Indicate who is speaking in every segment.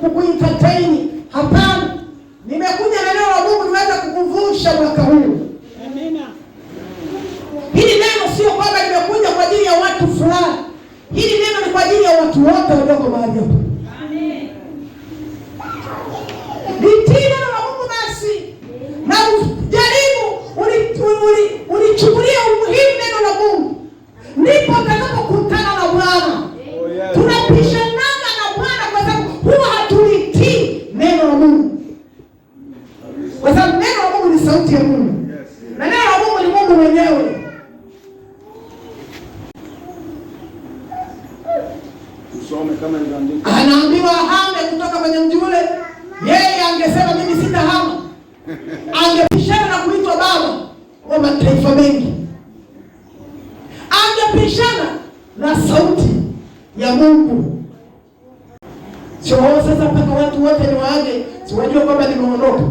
Speaker 1: kukuentertain. Hapana, nimekuja na neno la Mungu niweza kukuvusha mwaka huu. Amina. Hili neno sio kwamba limekuja kwa ajili ya watu fulani, hili neno ni kwa ajili ya watu wote walioko mahali hapa. Amen. wako mwenyewe. Anaambiwa ahame kutoka kwenye mji ule. Yeye angesema mimi sitahama, angepishana na kuitwa baba wa mataifa mengi, angepishana na sauti ya Mungu. Sio sasa mpaka watu wote ni waage, siwajua kwamba nimeondoka.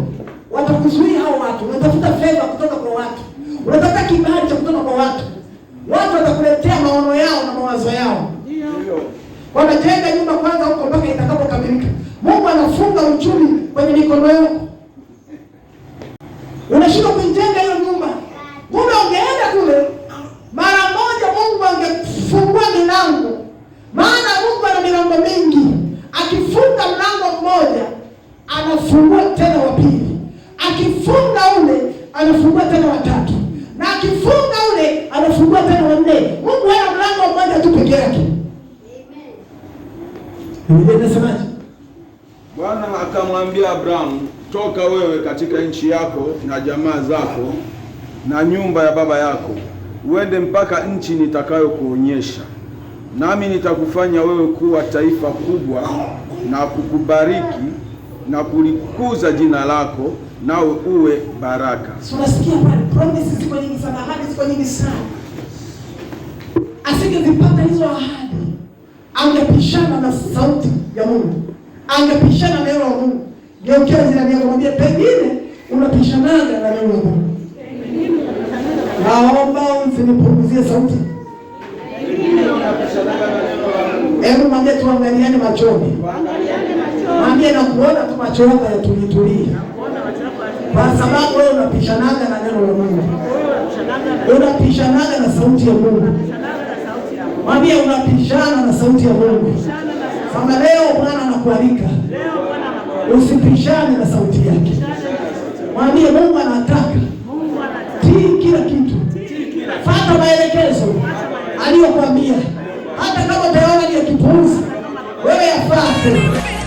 Speaker 1: Watakuzuia hao watu, unatafuta fedha kutoka kwa watu unapata kibali cha kutoka kwa watu, watu watakuletea maono yao na mawazo yao. Wanajenga nyumba kwanza huko mpaka itakapokamilika. Mungu anafunga uchumi kwenye mikono yako, unashindwa kuijenga hiyo nyumba. Kumbe ungeenda kule mara moja, Mungu angefungua milango, maana Mungu ana milango mingi. Akifunga mlango mmoja, anafungua tena wa pili, akifunga ule, anafungua tena tatu nne. Mungu ana mlango mmoja tu peke yake. inasemaje?
Speaker 2: Bwana akamwambia Abrahamu, toka wewe katika nchi yako na jamaa zako na nyumba ya baba yako, uende mpaka nchi nitakayokuonyesha, nami nitakufanya wewe kuwa taifa kubwa na kukubariki na kulikuza jina lako, nawe uwe baraka.
Speaker 1: Unasikia pale, promises ziko nyingi sana, ahadi ziko nyingi sana asingezipata hizo ahadi, angepishana na sauti ya Mungu, angepishana na neno la Mungu. Geukia jirani yako, mwambie pengine unapishanaga na neno la Mungu. Naomba msinipunguzie sauti. Hebu mwambie tuangaliane machoni, mwambie na kuona tu macho yako yatulitulie, kwa sababu wewe unapishanaga na neno la Mungu, unapishanaga na sauti ya Mungu. Mwambie unapishana na sauti ya Mungu. Kama leo Bwana anakualika, usipishane na sauti yake. Mwambie Mungu anataka, tii kila kitu, fata maelekezo aliyokuambia, hata kama utaona ni ya kipuuzi, wewe yafate.